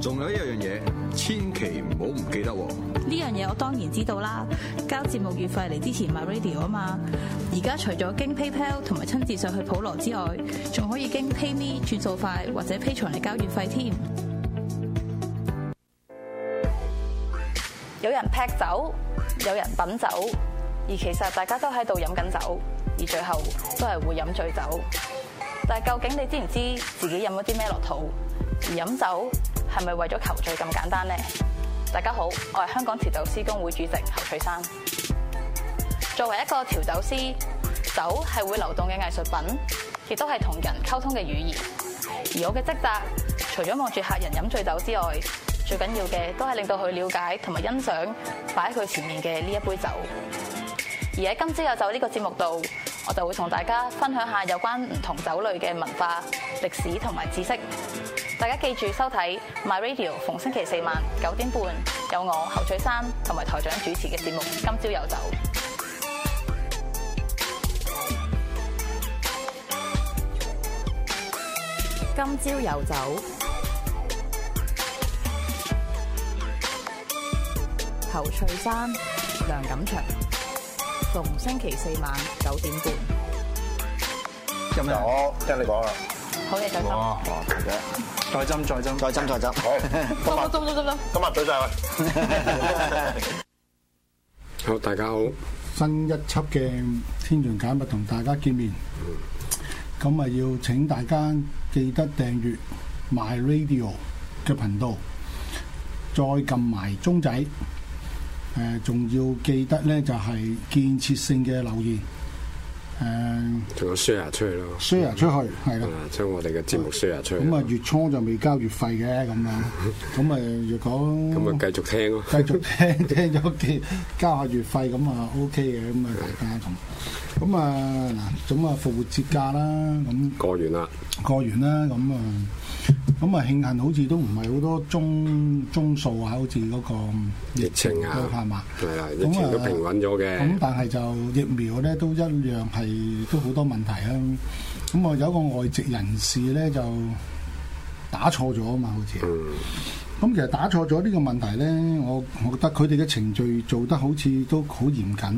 仲有一樣嘢，千祈唔好唔記得喎。呢樣嘢我當然知道啦。交節目月費嚟之前買 radio 啊嘛。而家除咗經 PayPal 同埋親自上去普羅之外，仲可以經 PayMe 轉數快或者 Pay 財嚟交月費添。有人劈酒，有人品酒，而其實大家都喺度飲緊酒，而最後都係會飲醉酒。但係究竟你知唔知自己飲咗啲咩落肚？而飲酒，係咪為咗求醉咁簡單呢？大家好，我係香港調酒師工會主席侯翠山。作為一個調酒師，酒係會流動嘅藝術品，亦都係同人溝通嘅語言。而我嘅職責，除咗望住客人飲醉酒之外，最緊要嘅都係令到佢了解同埋欣賞擺喺佢前面嘅呢一杯酒。而喺今朝有酒呢個節目度，我就會同大家分享下有關唔同酒類嘅文化、歷史同埋知識。大家記住收睇 My Radio，逢星期四晚九點半有我侯翠珊同埋台長主持嘅節目。今朝有酒，今朝有酒，侯翠珊、梁錦祥，逢星期四晚九點半。有咩啊？我聽你講啊。好嘅，再斟，再斟，再斟，再斟。好，今今今今今今日聚曬位。好，大家好，新一輯嘅《天玄解密》同大家見面。嗯，咁啊要請大家記得訂閱 My Radio 嘅頻道，再撳埋鐘仔。誒，仲要記得咧，就係建設性嘅留言。誒，仲有 share 出去咯，share 出去，係咯，嗯，將我哋嘅節目 share 出去。咁啊，嗯，月初就未交月費嘅咁樣，咁啊，如果咁啊，繼續聽咯， 繼續聽聽咗幾交下月費，咁啊 OK 嘅，咁啊，大家咁，咁啊嗱，咁啊，復活節假啦，咁過完啦，過完啦，咁、嗯、啊。咁啊，慶幸好似都唔係好多宗宗數啊，好似嗰個疫情，疫情啊，係嘛？係啊，疫情都平穩咗嘅。咁但係就疫苗咧，都一樣係都好多問題啊！咁啊，有一個外籍人士咧就打錯咗啊嘛，好似。咁、嗯、其實打錯咗呢個問題咧，我我覺得佢哋嘅程序做得好似都好嚴謹，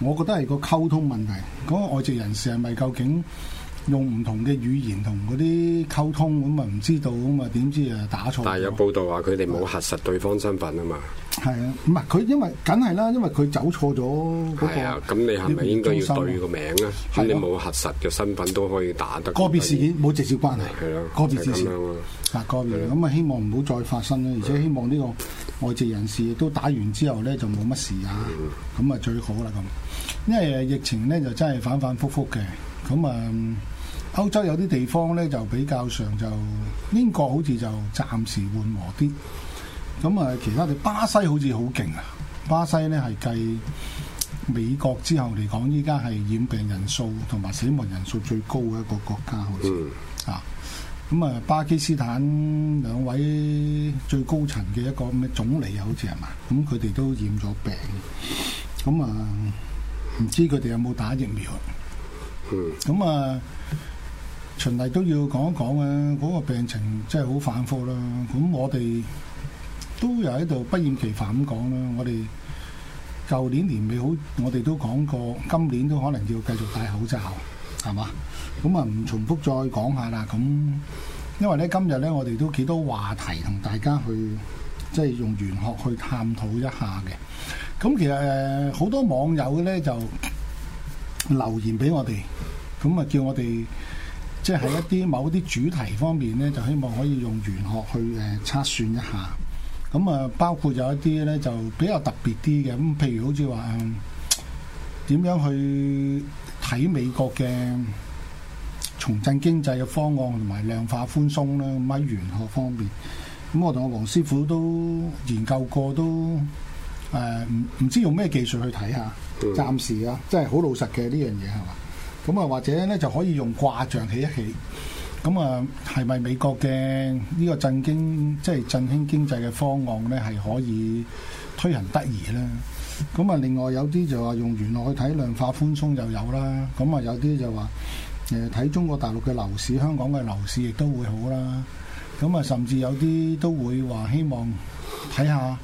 我覺得係個溝通問題。嗰、那個外籍人士係咪究竟？用唔同嘅語言同嗰啲溝通，咁啊唔知道，咁啊點知啊打錯？但係有報道話佢哋冇核實對方身份啊嘛。係啊，唔係佢因為梗係啦，因為佢走錯咗。係啊，咁你係咪應該要對個名咧？係咯，你冇核實嘅身份都可以打得。個別事件冇直接關係。係咯，個別事件。啊，個別。咁啊，希望唔好再發生啦。而且希望呢個外籍人士都打完之後咧，就冇乜事啊。咁啊，最好啦咁。因為疫情咧，就真係反反复复嘅。咁啊，歐洲有啲地方咧就比較上就英國好似就暫時緩和啲。咁啊，其他地巴西好似好勁啊！巴西咧係繼美國之後嚟講，依家係染病人數同埋死亡人數最高嘅一個國家好，好似、mm. 啊。咁啊，巴基斯坦兩位最高層嘅一個咩總理好似係嘛？咁佢哋都染咗病。咁啊，唔知佢哋有冇打疫苗？咁、嗯、啊，循例都要講一講啊，嗰、那個病情真係好反覆啦。咁我哋都有喺度不厭其煩咁講啦、啊。我哋舊年年尾好，我哋都講過，今年都可能要繼續戴口罩，係嘛？咁啊，唔重複再講下啦。咁因為咧，今日咧，我哋都幾多話題同大家去即係用玄學去探討一下嘅。咁其實誒，好、呃、多網友咧就～留言俾我哋，咁啊叫我哋即係喺一啲某啲主題方面咧，就希望可以用玄學去誒測算一下。咁啊，包括有一啲咧就比較特別啲嘅，咁譬如好似話誒點樣去睇美國嘅重振經濟嘅方案同埋量化寬鬆咧，咁喺玄學方面，咁我同我黃師傅都研究過都。誒唔唔知用咩技術去睇下，嗯、暫時啊，真係好老實嘅呢樣嘢係嘛？咁啊，或者咧就可以用卦象起一起，咁啊，係咪美國嘅呢個振興即係振興經濟嘅方案咧，係可以推行得宜咧？咁啊，另外有啲就話用原來去睇量化寬鬆又有啦，咁啊，有啲就話誒睇中國大陸嘅樓市、香港嘅樓市亦都會好啦，咁啊，甚至有啲都會話希望睇下。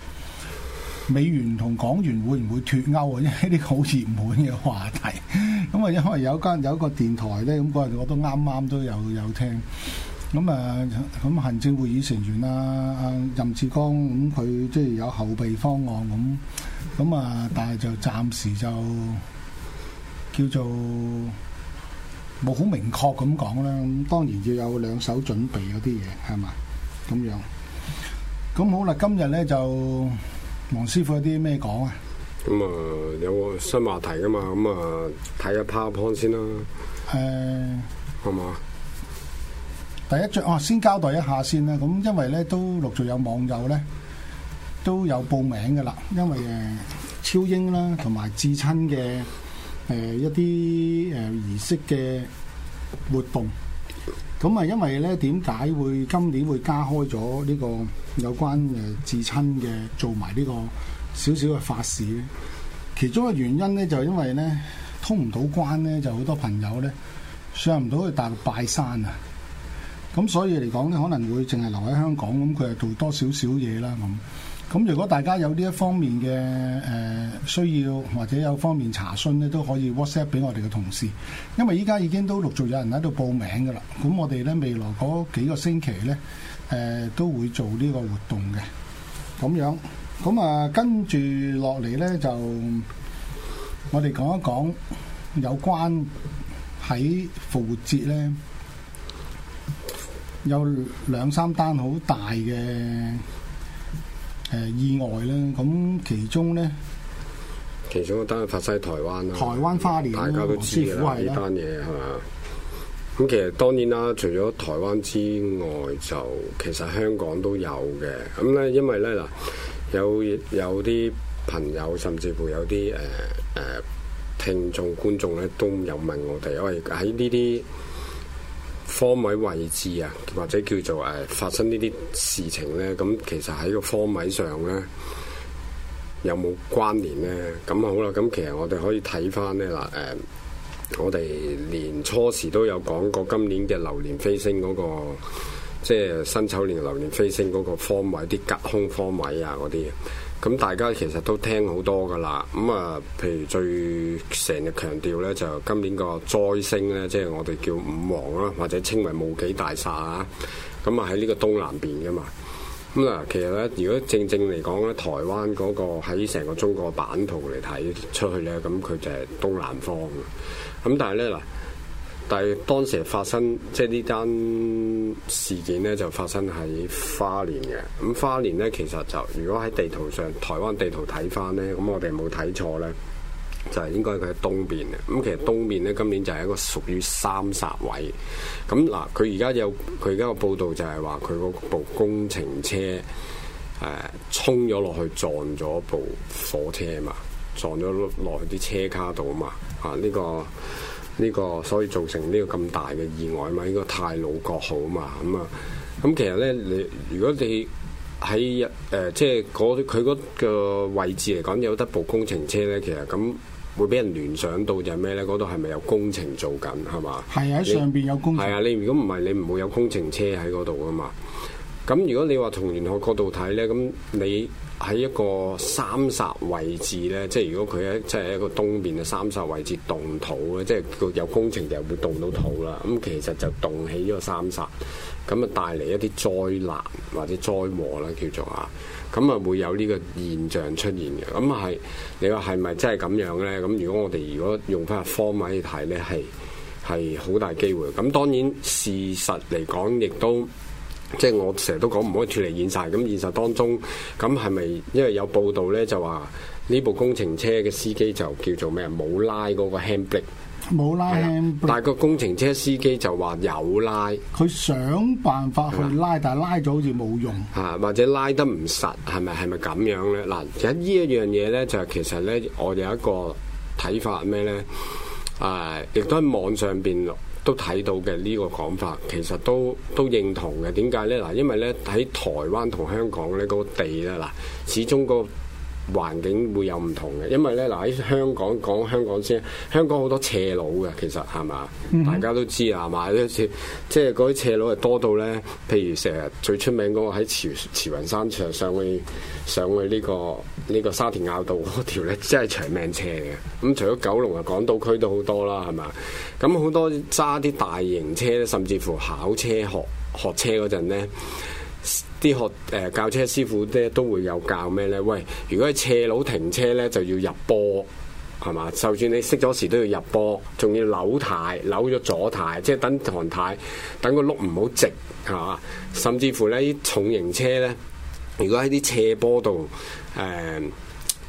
美元同港元會唔會脫鈎啊？呢個好熱門嘅話題，咁啊，因為有一間有一個電台咧，咁嗰日我都啱啱都有有聽咁啊。咁行政會議成員啊，任志剛咁佢即係有後備方案咁咁啊，但係就暫時就叫做冇好明確咁講啦。咁當然要有兩手準備嗰啲嘢係嘛咁樣。咁好啦，今日咧就。黃師傅有啲咩講啊？咁啊、嗯，有個新話題噶嘛？咁、嗯、啊，睇下 PowerPoint 先啦。誒、嗯，係嘛吧？第一張哦、啊，先交代一下先啦。咁因為咧都陸續有網友咧都有報名噶啦。因為誒，超英啦，同埋至親嘅誒一啲誒儀式嘅活動。咁啊，因為咧，點解會今年會加開咗呢個有關誒至親嘅做埋呢個少少嘅法事咧？其中嘅原因咧，就因為咧通唔到關咧，就好多朋友咧上唔到去大陸拜山啊。咁所以嚟講咧，可能會淨係留喺香港咁，佢係做多，多少少嘢啦咁。咁如果大家有呢一方面嘅誒需要，或者有方面查詢咧，都可以 WhatsApp 俾我哋嘅同事。因為依家已經都陸續有人喺度報名嘅啦，咁我哋咧未來嗰幾個星期咧，誒都會做呢個活動嘅。咁樣，咁啊跟住落嚟咧，就我哋講一講有關喺復活節咧，有兩三單好大嘅。誒，意外啦！咁其中咧，其中一單發晒台灣啦，台灣花蓮，大家都知呢單嘢係嘛？咁其實當然啦，除咗台灣之外，就其實香港都有嘅。咁咧，因為咧嗱，有有啲朋友，甚至乎有啲誒誒聽眾觀眾咧，都有問我哋，因為喺呢啲。方位位置啊，或者叫做誒、呃、發生呢啲事情有有呢。咁其實喺個方位上呢，有冇關聯呢？咁好啦，咁其實我哋可以睇翻呢。嗱、呃、誒，我哋年初時都有講過，今年嘅流年飛星嗰、那個，即、就、係、是、辛丑年流年飛星嗰個方位啲隔空方位啊嗰啲。咁大家其實都聽好多噶啦，咁啊，譬如最成日強調咧，就今年個災星咧，即係我哋叫五王啦，或者稱為武幾大煞啊，咁啊喺呢個東南邊噶嘛。咁嗱，其實咧，如果正正嚟講咧，台灣嗰個喺成個中國版圖嚟睇出去咧，咁佢就係東南方。咁但係咧嗱。但係當時發生即係呢單事件咧，就發生喺花蓮嘅。咁花蓮咧，其實就如果喺地圖上台灣地圖睇返咧，咁我哋冇睇錯咧，就係、是、應該佢喺東邊嘅。咁其實東邊咧，今年就係一個屬於三煞位。咁嗱，佢而家有佢而家個報道就係話佢嗰部工程車誒、呃、衝咗落去撞咗部火車嘛，撞咗落去啲車卡度嘛。啊，呢、這個。呢、這個所以造成呢個咁大嘅意外嘛，呢個太魯閣號啊嘛，咁啊咁其實咧，你如果你喺誒、呃、即係佢嗰個位置嚟講有得部工程車咧，其實咁會俾人聯想到就係咩咧？嗰度係咪有工程做緊係嘛？係喺上邊有工程你。係、嗯、啊，你如果唔係你唔會有工程車喺嗰度噶嘛。咁如果你話從玄學角度睇咧，咁你。喺一個三煞位置咧，即係如果佢喺即係一個東面嘅三煞位置，動土咧，即係個有工程就係會動到土啦。咁其實就動起呢個三煞，咁啊帶嚟一啲災難或者災禍啦，叫做啊，咁啊會有呢個現象出現嘅。咁係你話係咪真係咁樣咧？咁如果我哋如果用翻個方位去睇咧，係係好大機會。咁當然事實嚟講亦都。即係我成日都講唔可以脫離現實，咁現實當中，咁係咪因為有報道咧就話呢部工程車嘅司機就叫做咩？冇拉嗰個 handbrake，冇拉 handbrake，但係個工程車司機就話有拉，佢想辦法去拉，嗎但係拉咗好似冇用，啊或者拉得唔實，係咪係咪咁樣咧？嗱，就是、其實呢一樣嘢咧就係其實咧，我哋有一個睇法咩咧？啊，亦都喺網上邊。都睇到嘅呢個講法，其實都都認同嘅。點解呢？嗱，因為呢喺台灣同香港呢、個地呢嗱，始終個環境會有唔同嘅，因為咧嗱喺香港講香港先，香港好多斜路嘅，其實係嘛，mm hmm. 大家都知啊，係嘛，即係嗰啲斜路係多到咧，譬如成日最出名嗰個喺慈慈雲山上去上去上去呢個呢、呢個沙田坳道條咧，真係長命斜嘅。咁、嗯、除咗九龍啊，港島區都好多啦，係嘛，咁好多揸啲大型車咧，甚至乎考車學學車嗰陣咧。啲學誒、呃、教車師傅咧都會有教咩咧？喂，如果係斜路停車咧，就要入波，係嘛？就算你熄咗匙都要入波，仲要扭呔扭咗左呔，即係等行呔，等個碌唔好直，係嘛？甚至乎呢啲重型車咧，如果喺啲斜坡度誒、呃、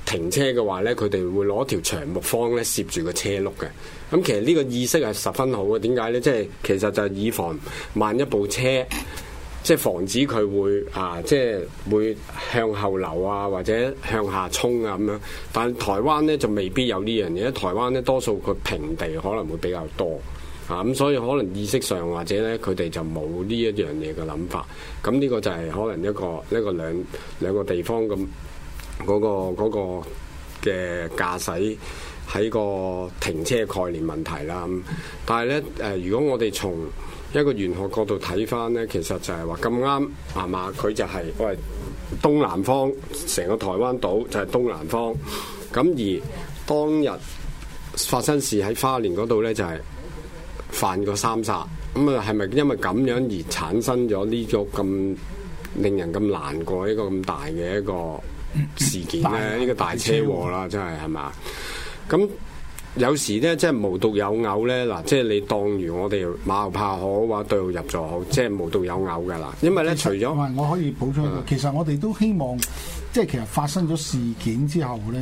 停車嘅話咧，佢哋會攞條長木方咧攝住個車碌嘅。咁其實呢個意識係十分好嘅。點解咧？即係其實就係以防萬一部車。即係防止佢會啊，即係會向後流啊，或者向下衝啊咁樣。但係台灣咧就未必有呢樣嘢，台灣咧多數佢平地可能會比較多啊，咁所以可能意識上或者咧佢哋就冇呢一樣嘢嘅諗法。咁呢個就係可能一個一個兩兩個地方咁嗰個嗰個嘅駕駛喺個停車概念問題啦。但係咧誒，如果我哋從一個玄學角度睇翻咧，其實就係話咁啱係嘛？佢就係、是、喂東南方，成個台灣島就係東南方。咁而當日發生事喺花蓮嗰度咧，就係、是、犯過三煞。咁、嗯、啊，係咪因為咁樣而產生咗呢種咁令人咁難過一個咁大嘅一個事件咧？呢 個大車禍啦，真係係嘛？咁。有時咧，即係無獨有偶咧，嗱，即係你當如我哋馬後炮好話對號入座，好，即係無獨有偶嘅啦。因為咧，實除咗唔係，我可以補充一個，其實我哋都希望，即係其實發生咗事件之後咧，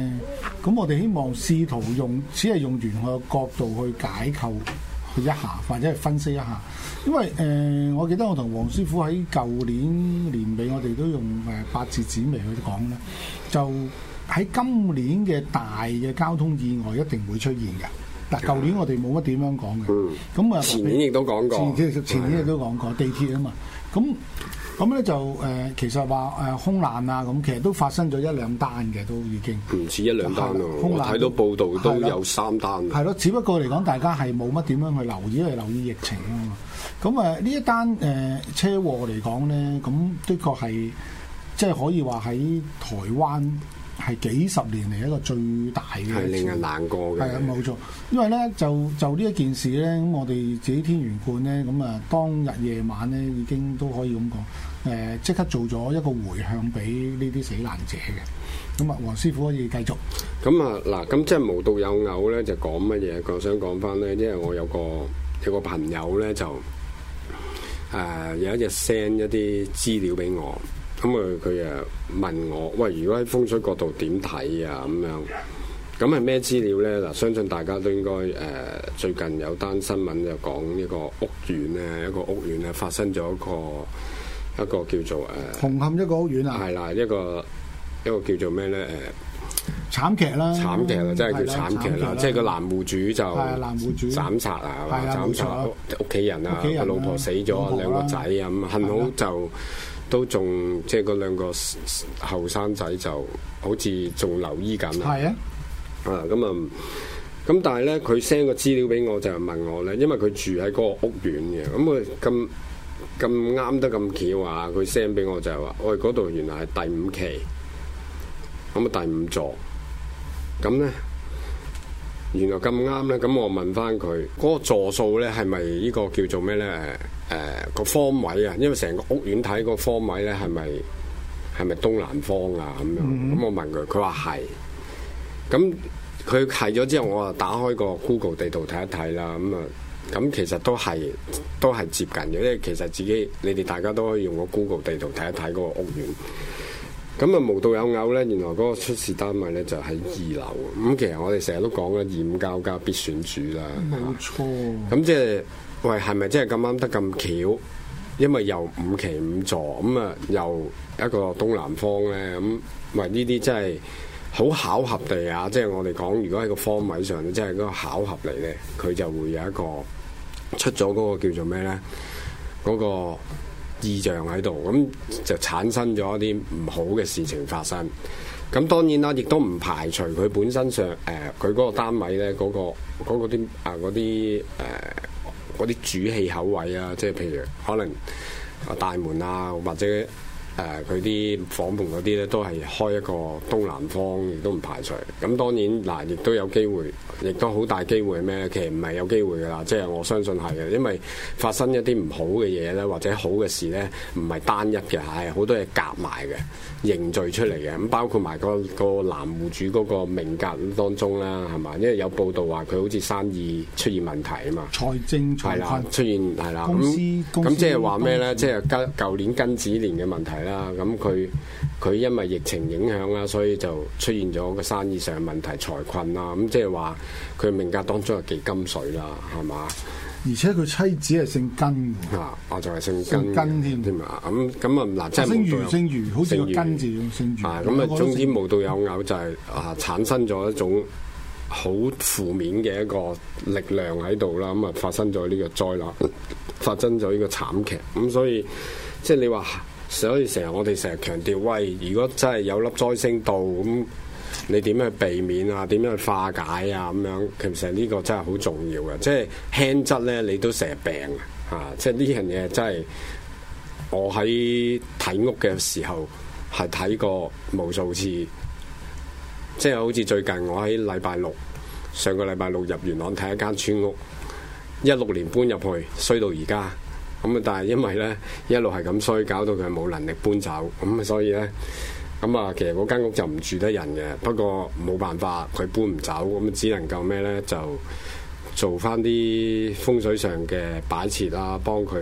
咁我哋希望試圖用只係用完我嘅角度去解構一下，或者係分析一下。因為誒、呃，我記得我同黃師傅喺舊年年尾，我哋都用誒八字紫微去講咧，就。喺今年嘅大嘅交通意外一定會出現嘅。嗱，舊年我哋冇乜點樣講嘅，咁啊、嗯，那前年亦都講過，前年亦都講過、嗯、地鐵啊嘛。咁咁咧就誒、呃，其實話誒、呃、空難啊，咁其實都發生咗一兩單嘅，都已經唔止一兩單、啊、空難我睇到報道都有三單。係咯，只不過嚟講，大家係冇乜點樣去留意，因為留意疫情啊嘛。咁啊，呢、呃、一單誒、呃、車禍嚟講咧，咁的確係即係可以話喺台灣。係幾十年嚟一個最大嘅，係令人難過嘅。係啊，冇錯。因為咧，就就呢一件事咧，咁我哋自己天玄館咧，咁啊，當日夜晚咧，已經都可以咁講。誒、呃，即刻做咗一個回向俾呢啲死難者嘅。咁、嗯、啊，黃師傅可以繼續。咁啊，嗱，咁即係無獨有偶咧，就講乜嘢？我想講翻咧，因為我有個有個朋友咧，就誒、呃、有一日 send 一啲資料俾我。咁啊，佢啊問我，喂，如果喺風水角度點睇啊？咁樣，咁係咩資料咧？嗱，相信大家都應該誒，最近有單新聞就講呢個屋苑咧，一個屋苑咧發生咗一個一個叫做誒……紅磡一個屋苑啊，係啦，一個一個叫做咩咧？誒，慘劇啦，慘劇啦，真係叫慘劇啦，即係個男戶主就係男戶主，斬殺啊，斬殺屋屋企人啊，老婆死咗，兩個仔啊，咁幸好就。都仲即係嗰兩個後生仔，就好似仲留意緊啊！係啊，啊咁啊，咁但係咧，佢 send 個資料俾我就係問我咧，因為佢住喺嗰個屋苑嘅，咁佢咁咁啱得咁巧啊！佢 send 俾我就係、是、話：，喂，嗰度原來係第五期，咁、嗯、啊第五座，咁、嗯、咧原來咁啱咧，咁我問翻佢嗰個座數咧係咪呢是是個叫做咩咧？誒，呃那個方位啊，因為成個屋苑睇個方位咧，係咪係咪東南方啊？咁樣，咁、嗯、我問佢，佢話係。咁佢係咗之後，我啊打開個 Google 地圖睇一睇啦。咁啊，咁其實都係都係接近嘅。因為其實自己你哋大家都可以用個 Google 地圖睇一睇嗰個屋苑。咁啊，無道有偶咧，原來嗰個出事單位咧就喺二樓。咁其實我哋成日都講啦，二五交加必損主啦。冇錯錯。咁即係。喂，係咪真係咁啱得咁巧？因為又五期五座咁啊，又一個東南方呢。咁喂呢啲真係好巧合地啊！即係我哋講，如果喺個方位上，即係嗰個巧合嚟呢，佢就會有一個出咗嗰個叫做咩呢？嗰、嗰個異象喺度，咁就產生咗一啲唔好嘅事情發生。咁當然啦，亦都唔排除佢本身上誒佢嗰個單位呢，嗰、嗰個嗰啲、嗰個、啊啲誒。嗰個呃呃嗰啲主氣口位啊，即係譬如可能啊大門啊，或者，誒佢啲房門嗰啲咧，都係開一個東南方，亦都唔排除。咁當然嗱，亦、啊、都有機會，亦都好大機會係咩？其實唔係有機會噶啦，即、就、係、是、我相信係嘅，因為發生一啲唔好嘅嘢咧，或者好嘅事咧，唔係單一嘅，係好多嘢夾埋嘅，凝聚出嚟嘅。咁包括埋、那、嗰個男戶、那個、主嗰個命格當中啦，係嘛？因為有報道話佢好似生意出現問題啊嘛，財政財困的出現係啦，公司咁即係話咩咧？即係跟舊年庚子年嘅問題。啦，咁佢佢因為疫情影響啦，所以就出現咗個生意上嘅問題、財困啦，咁即係話佢命格當中有幾金水啦，係嘛？而且佢妻子係姓金啊，我就係姓金，姓金添添啊！咁咁啊嗱，即係姓余，姓余好似個金字，咁啊，總之無獨有偶，就係啊產生咗一種好負面嘅一個力量喺度啦，咁啊發生咗呢個災難，發生咗呢個慘劇，咁所以即係你話。所以成日我哋成日強調，喂，如果真係有粒災星到，咁你點樣去避免啊？點樣去化解啊？咁樣其實呢個真係好重要嘅，即係輕質呢，你都成日病啊！即係呢樣嘢真係我喺睇屋嘅時候係睇過無數次，即係好似最近我喺禮拜六上個禮拜六入元朗睇一間村屋，一六年搬入去衰到而家。咁啊！但係因為咧一路係咁，所以搞到佢冇能力搬走。咁啊，所以咧咁啊，其實嗰間屋就唔住得人嘅。不過冇辦法，佢搬唔走，咁只能夠咩咧就做翻啲風水上嘅擺設啦，幫佢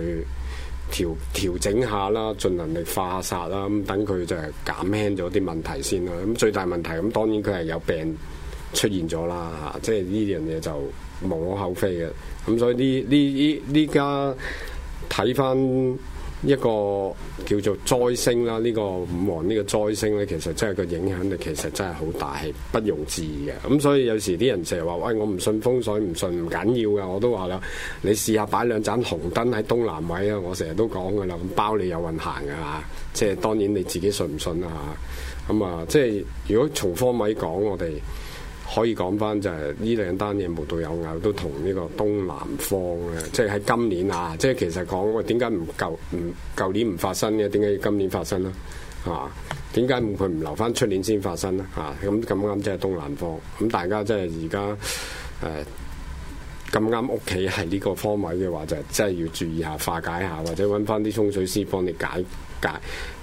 調調整下啦，盡能力化煞啦。咁等佢就係減輕咗啲問題先啦。咁最大問題咁，當然佢係有病出現咗啦，即係呢樣嘢就無可厚非嘅。咁所以呢呢呢呢家。睇翻一個叫做災星啦，呢、這個五黃呢個災星呢，其實真係個影響力，其實真係好大，係不容置疑嘅。咁所以有時啲人成日話，喂，我唔信風水，唔信唔緊要嘅。我都話啦，你試下擺兩盞紅燈喺東南位啊！我成日都講嘅啦，包你有運行嘅嚇。即係當然你自己信唔信啦咁啊，即係如果從科位講，我哋。可以講翻就係呢兩單嘢無獨有偶，都同呢個東南方嘅，即係喺今年啊，即係其實講喂，點解唔舊唔舊年唔發生嘅？點解要今年發生呢？嚇、啊？點解佢唔留翻出年先發生呢？嚇、啊？咁咁啱即係東南方，咁大家即係而家誒咁啱屋企係呢個方位嘅話，就真係要注意下化解下，或者揾翻啲沖水師幫你解。隔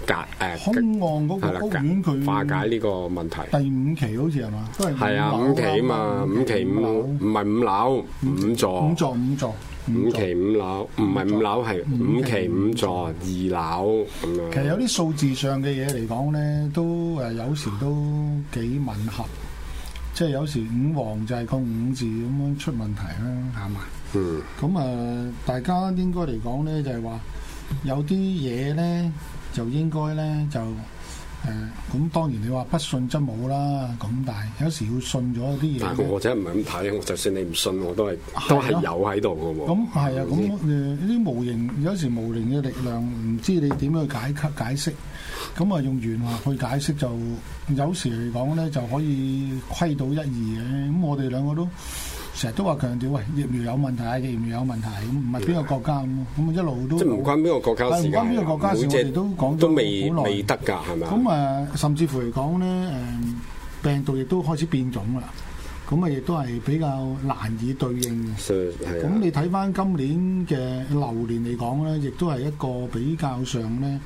隔誒，空曠嗰個遠距離化解呢個問題。第五期好似係嘛，都係五樓。係啊，五期啊嘛，五期五五唔係五樓，五座五座五座，五期五樓唔係五樓係五期五座二樓咁樣。其實有啲數字上嘅嘢嚟講咧，都誒有時都幾吻合，即係有時五黃就係個五字咁樣出問題啦，係嘛？嗯。咁啊，大家應該嚟講咧，就係話。有啲嘢咧就應該咧就誒，咁、呃、當然你話不信則冇啦咁但係，有時要信咗啲嘢。但係我真係唔係咁睇，我就算你唔信，我都係、呃、都係有喺度嘅喎。咁係啊，咁呢啲無形，有時無形嘅力量，唔知你點去解解釋。咁啊，用原話去解釋就有時嚟講咧，就可以窺到一二嘅。咁我哋兩個都。成日都話強調喂，疫苗有問題，疫苗有問題，咁唔係邊個國家咁？咁一路都即係唔關邊個國家事。唔關邊個國家事，個我哋都講未好耐未得㗎，係咪咁？誒，甚至乎嚟講咧，誒、嗯、病毒亦都開始變種啦。咁啊，亦都係比較難以對應嘅。咁你睇返今年嘅流年嚟講咧，亦都係一個比較上咧，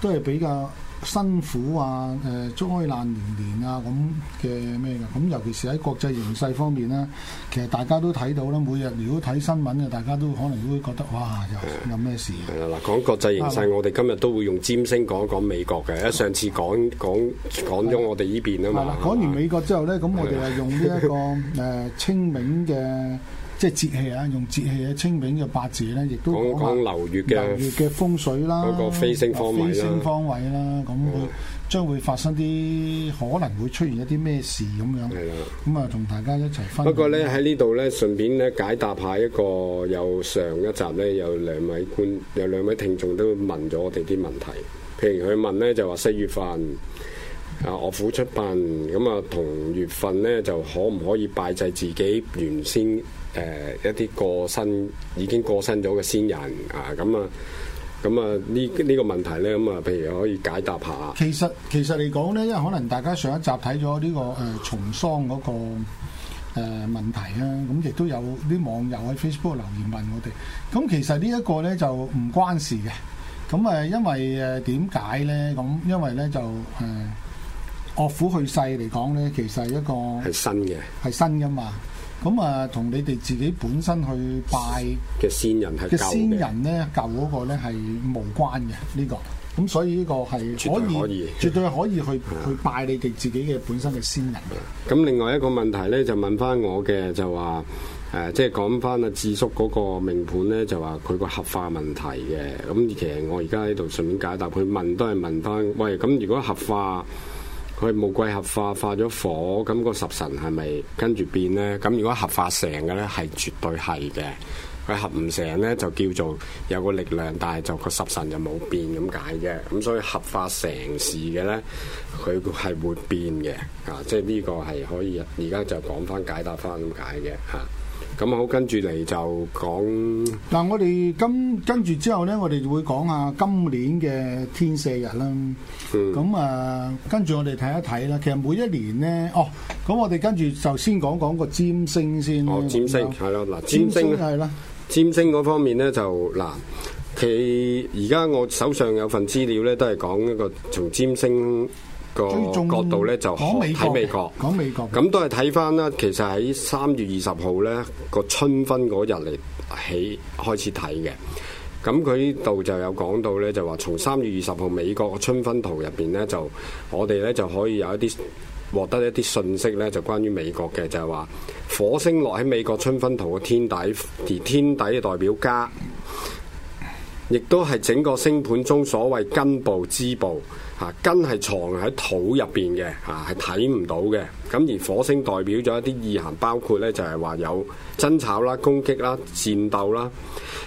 都係比較。辛苦啊！誒災難連連啊咁嘅咩嘅咁，尤其是喺國際形勢方面呢，其實大家都睇到啦。每日如果睇新聞嘅，大家都可能都會覺得哇，有有咩事？係啦，嗱講國際形勢，的我哋今日都會用占星講講美國嘅。一上次講講講咗我哋呢邊啊嘛。係啦的，的講完美國之後呢，咁的我哋就用呢一個誒清明嘅。是的 即係節氣啊，用節氣嘅清明嘅八字咧，亦都講埋流月嘅月嘅風水啦，嗰個飛星方位啦，咁、嗯、將會發生啲可能會出現一啲咩事咁樣。咁啊、嗯，同大家一齊分。不過咧喺呢度咧，順便咧解答下一個。有上一集咧，有兩位觀有兩位聽眾都問咗我哋啲問題。譬如佢問咧，就話四月份啊，岳父出殯咁啊，同月份咧就可唔可以拜祭自己原先？誒一啲過身已經過身咗嘅先人啊，咁啊，咁啊呢呢個問題咧，咁啊，譬如可以解答下。其實其實嚟講咧，因為可能大家上一集睇咗呢個誒重喪嗰個誒問題啦，咁亦都有啲網友喺 Facebook 留言問我哋，咁其實呢一個咧就唔關事嘅，咁啊，因為誒點解咧？咁因為咧就誒岳父去世嚟講咧，其實係一個係新嘅，係新嘅嘛。咁啊，同你哋自己本身去拜嘅先人係嘅先人咧，舊嗰個咧係無關嘅呢、這個。咁所以呢個係絕對可以，絕對可以去 去拜你哋自己嘅本身嘅先人嘅。咁另外一個問題咧，就問翻我嘅就話誒、呃，即係講翻阿智叔嗰個命盤咧，就話佢個合化問題嘅。咁其實我而家喺度順便解答佢問都係問翻。喂，咁如果合化。佢戊癸合化化咗火，咁個十神係咪跟住變呢？咁如果合化成嘅呢，係絕對係嘅。佢合唔成呢，就叫做有個力量，但係就個十神就冇變咁解嘅。咁所以合化成事嘅呢，佢係會變嘅。啊，即係呢個係可以，而家就講翻解答翻咁解嘅吓。咁好，跟住嚟就講。嗱，我哋今跟住之後咧，我哋會講下今年嘅天赦日啦。嗯。咁啊，跟住我哋睇一睇啦。其實每一年咧，哦，咁我哋跟住就先講講個占星先。哦，占星係咯，嗱，占星係啦。占星嗰方面咧，就嗱，其而家我手上有份資料咧，都係講一個從占星，個角度咧，就睇美國，講美國咁都係睇翻啦。其實喺三月二十號呢個春分嗰日嚟起開始睇嘅。咁佢呢度就有講到呢，就話從三月二十號美國嘅春分圖入邊呢，就我哋呢就可以有一啲獲得一啲信息呢，就關於美國嘅，就係話火星落喺美國春分圖嘅天底，而天底嘅代表家，亦都係整個星盤中所謂根部支部。根係藏喺土入邊嘅，嚇係睇唔到嘅。咁而火星代表咗一啲異行，包括呢就係話有爭吵啦、攻擊啦、戰鬥啦。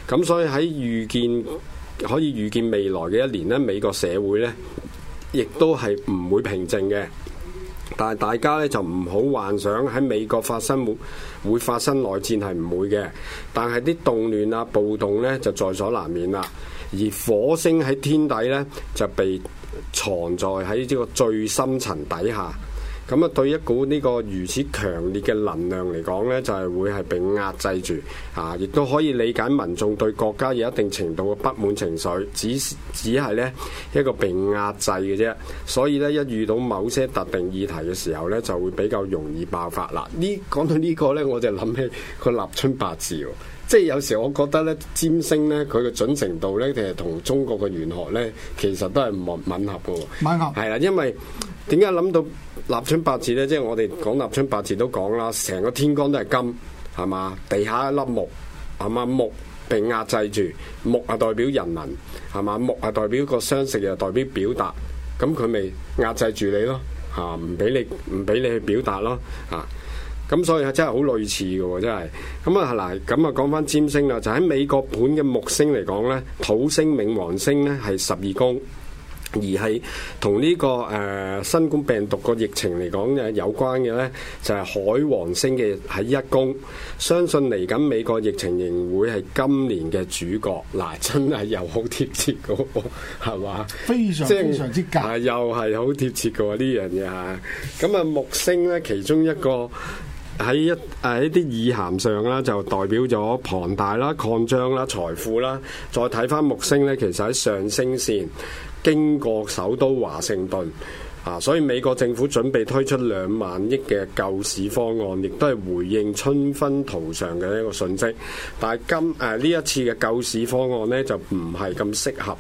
咁所以喺預見可以預見未來嘅一年呢，美國社會呢亦都係唔會平靜嘅。但係大家呢就唔好幻想喺美國發生會會發生內戰係唔會嘅，但係啲動亂啊、暴動呢就在所難免啦。而火星喺天底呢就被藏在喺呢個最深層底下，咁啊對一股呢個如此強烈嘅能量嚟講呢就係會係被壓制住，啊，亦都可以理解民眾對國家有一定程度嘅不滿情緒，只只係呢一個被壓制嘅啫。所以呢，一遇到某些特定議題嘅時候呢，就會比較容易爆發啦。呢講到呢個呢，我就諗起個立春八字喎。即係有時我覺得咧，占星咧，佢嘅準程度咧，其實同中國嘅玄學咧，其實都係唔吻合嘅。吻合係啊，因為點解諗到立春八字咧？即係我哋講立春八字都講啦，成個天干都係金，係嘛？地下一粒木，係嘛？木被壓制住，木係代表人民，係嘛？木係代表個傷食，又代表表達，咁佢咪壓制住你咯？嚇、啊，唔俾你，唔俾你去表達咯？嚇、啊。咁所以真係好類似嘅喎，真係咁啊。嗱，咁啊講翻占星啦，就喺美國盤嘅木星嚟講咧，土星、冥王星咧係十二宮，而係同呢個誒新冠病毒個疫情嚟講嘅有關嘅咧，就係海王星嘅喺一宮。相信嚟緊美國疫情仍會係今年嘅主角。嗱，真係又好貼切嘅喎，係嘛？非常非常之啱，又係好貼切嘅喎呢樣嘢嚇。咁啊木星咧，其中一個，喺一誒一啲意涵上啦，就代表咗龐大啦、擴張啦、財富啦。再睇翻木星呢，其實喺上升線經過首都華盛頓啊，所以美國政府準備推出兩萬億嘅救市方案，亦都係回應春分圖上嘅一個訊息。但係今誒呢、呃、一次嘅救市方案呢，就唔係咁適合，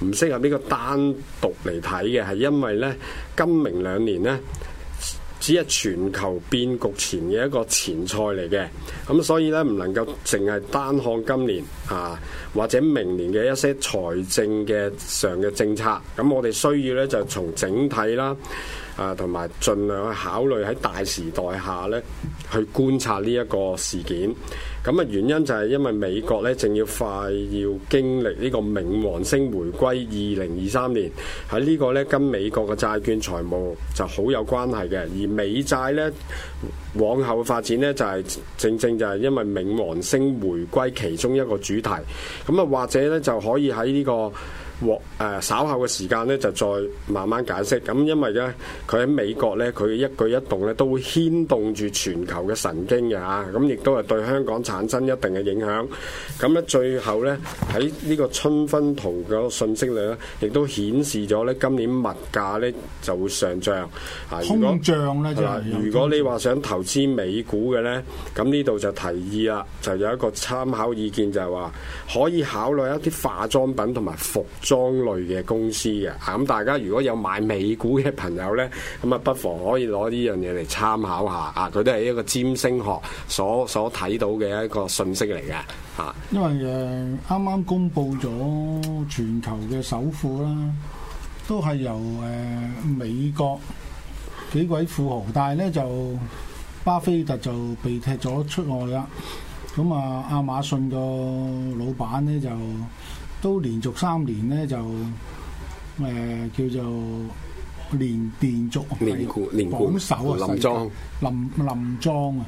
唔適合呢個單獨嚟睇嘅，係因為呢今明兩年呢。只係全球變局前嘅一個前菜嚟嘅，咁所以咧唔能夠淨係單看今年啊，或者明年嘅一些財政嘅上嘅政策，咁我哋需要咧就從整體啦。啊，同埋盡量去考慮喺大時代下呢，去觀察呢一個事件。咁啊，原因就係因為美國呢，正要快要經歷呢個冥王星回歸二零二三年，喺呢個呢，跟美國嘅債券財務就好有關係嘅。而美債呢，往後嘅發展呢，就係正正就係因為冥王星回歸其中一個主題。咁啊，或者呢，就可以喺呢個。和誒稍後嘅時間咧，就再慢慢解釋。咁因為咧，佢喺美國咧，佢嘅一舉一動咧，都會牽動住全球嘅神經嘅嚇。咁、啊、亦都係對香港產生一定嘅影響。咁、啊、咧，最後咧，喺呢個春分圖嘅信息裏咧，亦都顯示咗咧今年物價咧就會上漲嚇、啊。通脹咧，如果係啦，如果你話想投資美股嘅咧，咁呢度就提議啦，就有一個參考意見就係話，可以考慮一啲化妝品同埋服裝莊類嘅公司嘅啊，咁大家如果有買美股嘅朋友咧，咁啊不妨可以攞呢樣嘢嚟參考下啊，佢都係一個占星學所所睇到嘅一個信息嚟嘅啊。因為誒啱啱公布咗全球嘅首富啦，都係由誒、呃、美國幾位富豪，但係咧就巴菲特就被踢咗出嚟啦。咁啊，亞馬遜個老闆咧就。都連續三年咧就誒、呃、叫做連電連續連榜首啊。連莊連連莊啊！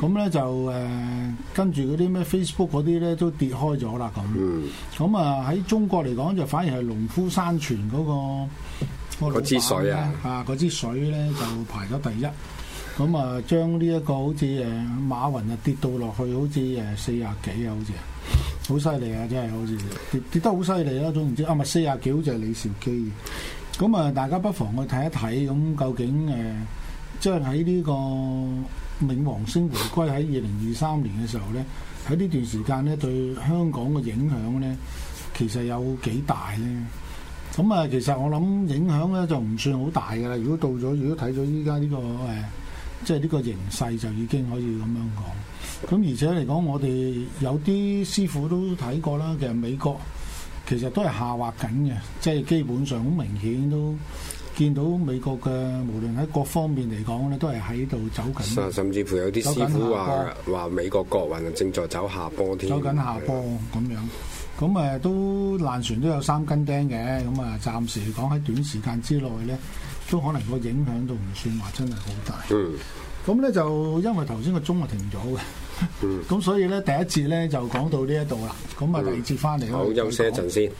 咁、嗯、咧就誒、呃、跟住嗰啲咩 Facebook 嗰啲咧都跌開咗啦咁。咁、嗯、啊喺中國嚟講就反而係農夫山泉嗰、嗰個、嗰個、支水啊，啊嗰支水咧就排咗第一。咁啊將呢一個好似誒馬雲啊跌到落去好似誒四廿幾啊好似啊。好犀利啊！真係好似跌跌得好犀利啦，總言之，啊咪四廿幾就係李兆基。咁啊，大家不妨去睇一睇，咁究竟誒、呃，即係喺呢個冥王星回歸喺二零二三年嘅時候呢，喺呢段時間呢，對香港嘅影響呢，其實有幾大呢？咁啊，其實我諗影響呢，就唔算好大㗎啦。如果到咗，如果睇咗依家呢個誒。呃即係呢個形勢就已經可以咁樣講，咁而且嚟講，我哋有啲師傅都睇過啦。其實美國其實都係下滑緊嘅，即係基本上好明顯都見到美國嘅無論喺各方面嚟講咧，都係喺度走緊。甚至乎有啲師傅話話美國國運正在走下坡添。走緊下坡咁樣，咁誒都爛船都有三根釘嘅，咁啊暫時嚟講喺短時間之內咧。都可能個影響都唔算話真係好大。嗯，咁咧就因為頭先個鐘啊停咗嘅，嗯，咁 所以咧第一節咧就講到呢一度啦。咁啊，嗯，第二節翻嚟。好，我休息一陣先。